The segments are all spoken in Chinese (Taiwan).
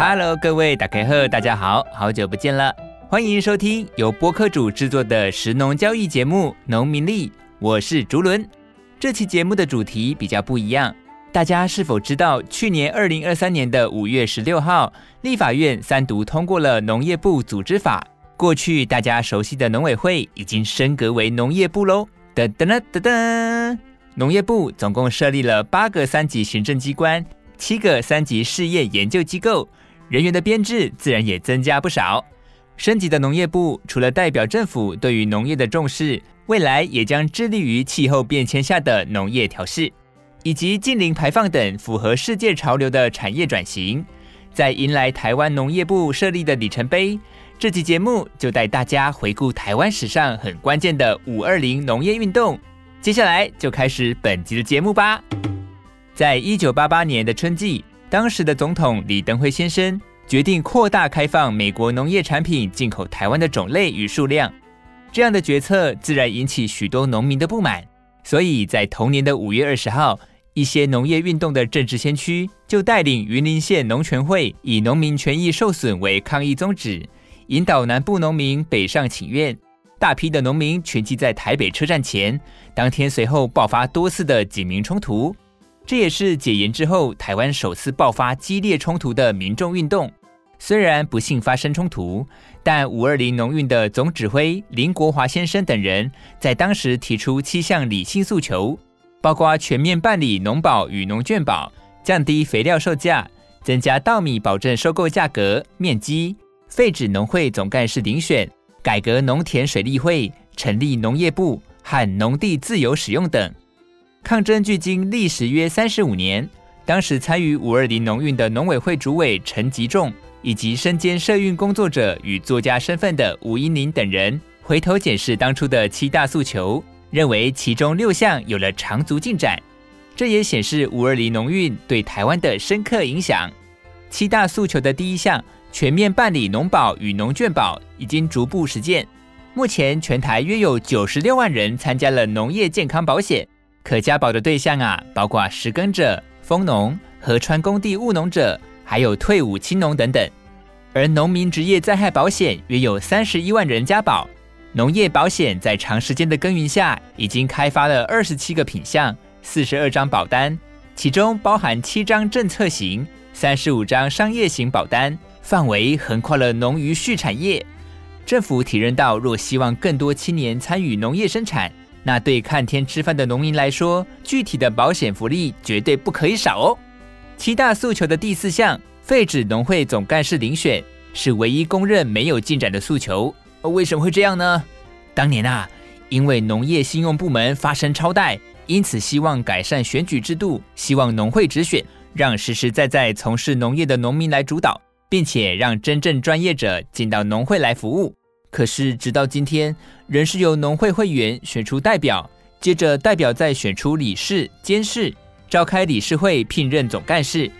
Hello，各位打開後，大家好，好久不見了，歡迎收聽由播客煮製作的食農教育節目《農民曆》，我是竹倫。這期節目的主題比較不一樣，大家是否知道去年二零二三年的五月十六號，立法院三讀通過了農業部組織法？過去大家熟悉的農委會已經升格為農業部嘍。噠噠噠噠，農業部總共設立了八個三級行政機關，七個三級試驗研究機構。人員的編製自然也增加不少。升級的農業部除了代表政府對於農業的重視，未來也將致力於氣候變遷下的農業調適，以及淨零排放等符合世界潮流的產業轉型。在迎來台灣農業部設立的里程碑，這集節目就帶大家回顧台灣史上很關鍵的五二零農業運動。接下來就開始本集的節目吧。在一九八八年的春季，當時的總統李登輝先生決定擴大開放美國農業產品進口台灣的種類與數量，這樣的決策自然引起許多農民的不滿。所以在同年的五月二十號，一些農業運動的政治先驅就帶領雲林縣農權會以農民權益受損為抗議宗旨，引導南部農民北上請願。大批的農民聚集在台北車站前，當天隨後爆發多次的警民衝突。這也是解嚴之後台灣首次爆發激烈衝突的民眾運動。雖然不幸發生衝突，但五二零農運的總指揮林國華先生等人在當時提出七項理性訴求，包括全面辦理農保與農眷保、降低肥料售價、增加稻米保證收購價格、面積、廢止農會總幹事遴選、改革農田水利會、成立農業部和農地自由使用等。抗爭距今歷時約三十五年。當時參與五二零農運的農委會主委陳吉仲，以及身兼社運工作者與作家身份的吳音寧等人，回頭檢視當初的七大訴求，認為其中六項有了長足進展。這也顯示五二零農運對台灣的深刻影響。七大訴求的第一項全面辦理農保與農眷保已經逐步實踐，目前全台約有九十六萬人參加了農業健康保險。可加保的對象啊，包括實耕者、蜂農、河川工地務農者，還有退伍青農等等。而農民職業災害保險約有三十一萬人加保，農業保險在長時間的耕耘下，已經開發了二十七個品項、四十二張保單，其中包含七張政策型、三十五張商業型保單，範圍橫跨了農漁畜產業。政府體認到，若希望更多青年參與農業生產。那對看天吃飯的農民來說，具體的保險福利絕對不可以少哦。七大訴求的第四項，廢止農會總幹事遴選，是唯一公認沒有進展的訴求。為什麼會這樣呢？當年啊，因為農業信用部門發生超貸，因此希望改善選舉制度，希望農會直選，讓實實在在從事農業的農民來主導，並且讓真正專業者進到農會來服務。可是，直到今天，仍是由農會會員選出代表，接着代表再選出理事、監事，召開理事會聘任總幹事。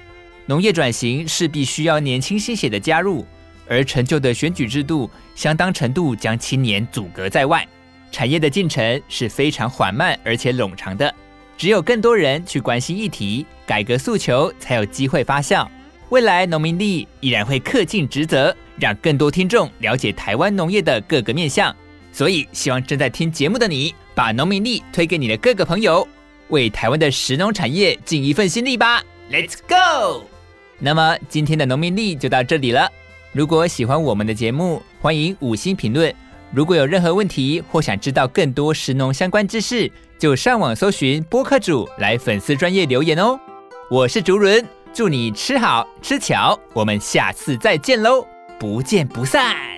農業轉型勢必需要年輕新血的加入，而陳舊的選舉制度相當程度將青年阻隔在外，產業的進程是非常緩慢而且冗長的。只有更多人去關心議題，改革訴求才有機會發酵。未來農民力依然會恪盡職責，讓更多聽眾了解台灣農業的各個面向。所以，希望正在聽節目的你，把農民力推給你的各個朋友，為台灣的食農產業盡一份心力吧。Let's go！ 那麼今天的農民力就到這裡了。如果喜歡我們的節目，歡迎五星評論。如果有任何問題或想知道更多食農相關知識，就上網搜尋播客煮來粉絲專頁留言哦。我是竹倫。祝你吃好吃巧，我們下次再見嘍，不見不散。